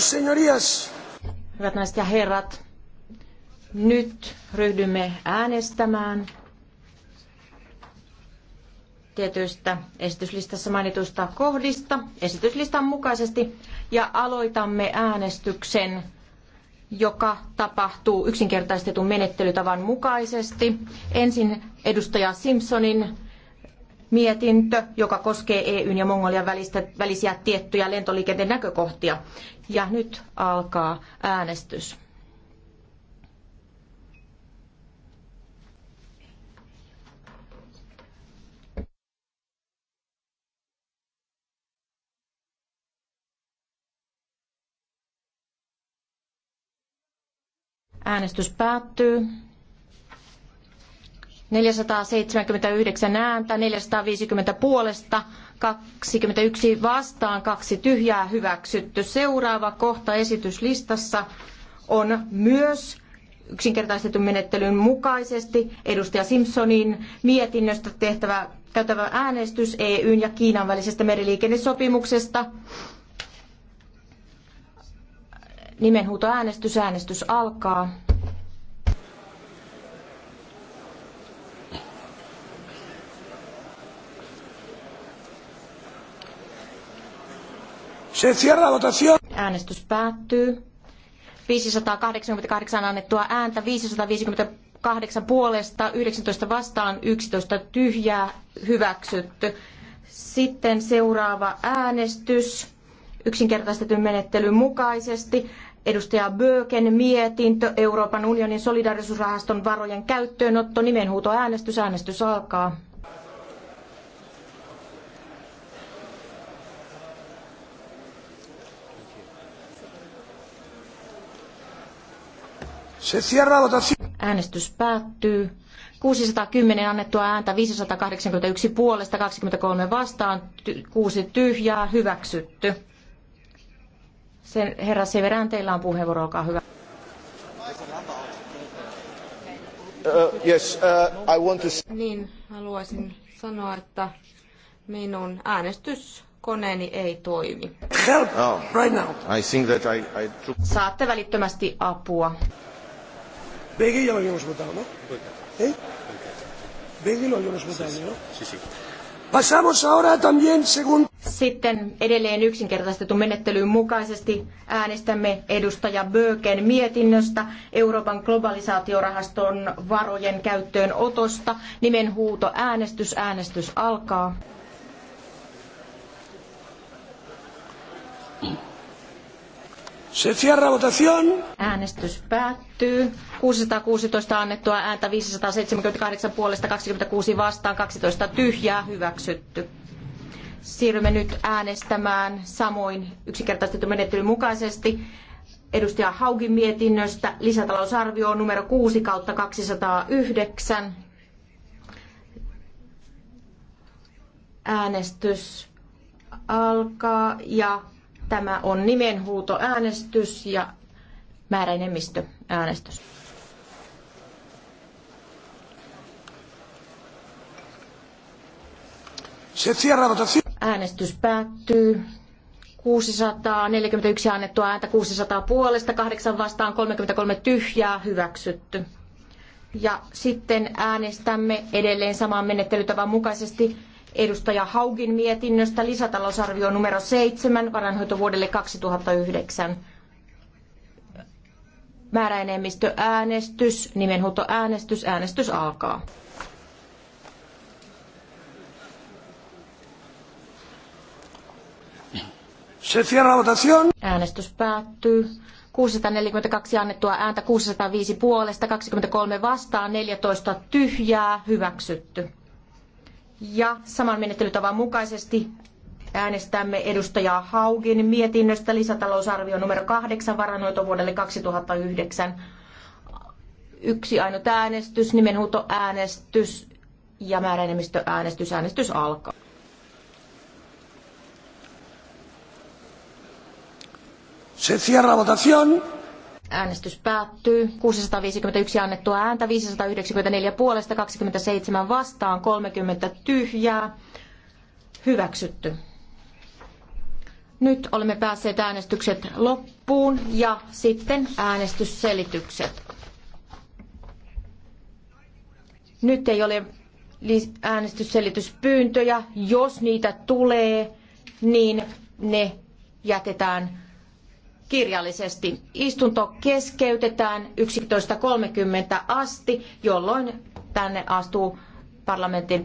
Caballeros, señorías. Hyvät naiset ja herrat, nyt ryhdymme äänestämään tietyistä esityslistassa mainituista kohdista esityslistan mukaisesti ja aloitamme äänestyksen joka tapahtuu yksinkertaistetun menettelytavan mukaisesti. Ensin edustaja Simpsonin mietintö, joka koskee EUn ja Mongolian välistä, välisiä tiettyjä lentoliikenteen näkökohtia. Ja nyt alkaa äänestys. Äänestys päättyy. 479 ääntä, 450 puolesta, 21 vastaan, kaksi tyhjää hyväksytty. Seuraava kohta esityslistassa on myös yksinkertaistetun menettelyn mukaisesti edustaja Simpsonin mietinnöstä tehtävä käytävä äänestys EUn ja Kiinan välisestä meriliikennesopimuksesta. Nimenhuutoäänestys, äänestys alkaa. Se cierra votación. Äänestys päättyy. 588 annettua ääntä, 558 puolesta, 19 vastaan, 11 tyhjää, hyväksytty. Sitten seuraava äänestys yksinkertaistetyn menettelyn mukaisesti. Edustaja Böken mietintö Euroopan unionin solidarisuusrahaston varojen käyttöönotto nimenhuutoäänestys. Äänestys alkaa. Äänestys päättyy. 610 annettua ääntä, 581 puolesta, 23 vastaan, ty- 6 tyhjää, hyväksytty. Sen, herra Severän, teillä on puheenvuoro, olkaa hyvä. Uh, yes, uh, I want to... Niin, haluaisin sanoa, että minun äänestyskoneeni ei toimi. Help, oh. right now. I think that I, I... Saatte välittömästi apua. Begui ya lo habíamos votado, ¿no? ¿Eh? Begui lo habíamos votado, ¿no? Sí, sí. Pasamos ahora también según... Sitten edelleen yksinkertaistetun menettelyyn mukaisesti äänestämme edustaja Böken mietinnöstä Euroopan globalisaatiorahaston varojen käyttöön otosta. Nimen huuto äänestys. Äänestys alkaa. Mm. Se cierra votación. Äänestys päättyy. 616 annettua ääntä, 578 puolesta, 26 vastaan, 12 tyhjää hyväksytty. Siirrymme nyt äänestämään samoin yksinkertaistetun menettelyn mukaisesti edustaja Haugin mietinnöstä lisätalousarvio numero 6 kautta 209. Äänestys alkaa ja Tämä on nimenhuutoäänestys ja määräenemmistöäänestys. Tota äänestys päättyy. 641 annettua ääntä, 600 puolesta, 8 vastaan, 33 tyhjää hyväksytty. Ja sitten äänestämme edelleen saman menettelytavan mukaisesti edustaja Haugin mietinnöstä lisätalousarvio numero 7 varainhoitovuodelle 2009. Määräenemmistö äänestys, nimenhuuto äänestys, äänestys alkaa. Se Äänestys päättyy. 642 annettua ääntä, 605 puolesta, 23 vastaan, 14 tyhjää, hyväksytty. Ja saman menettelytavan mukaisesti äänestämme edustaja Haugin mietinnöstä lisätalousarvio numero 8 varanoito vuodelle 2009. Yksi ainut äänestys, nimenhuutoäänestys ja määräenemmistöäänestys. Äänestys alkaa. Se cierra votación. Äänestys päättyy. 651 annettua ääntä, 594 puolesta, 27 vastaan, 30 tyhjää. Hyväksytty. Nyt olemme päässeet äänestykset loppuun ja sitten äänestysselitykset. Nyt ei ole äänestysselityspyyntöjä. Jos niitä tulee, niin ne jätetään kirjallisesti. Istunto keskeytetään 11.30 asti, jolloin tänne astuu parlamentin